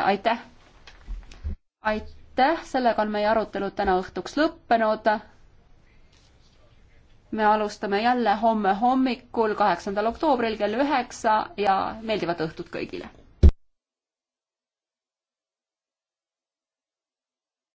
aitäh! aitäh, sellega on meie arutelud täna õhtuks lõppenud. me alustame jälle homme hommikul, kaheksandal oktoobril kell üheksa ja meeldivat õhtut kõigile!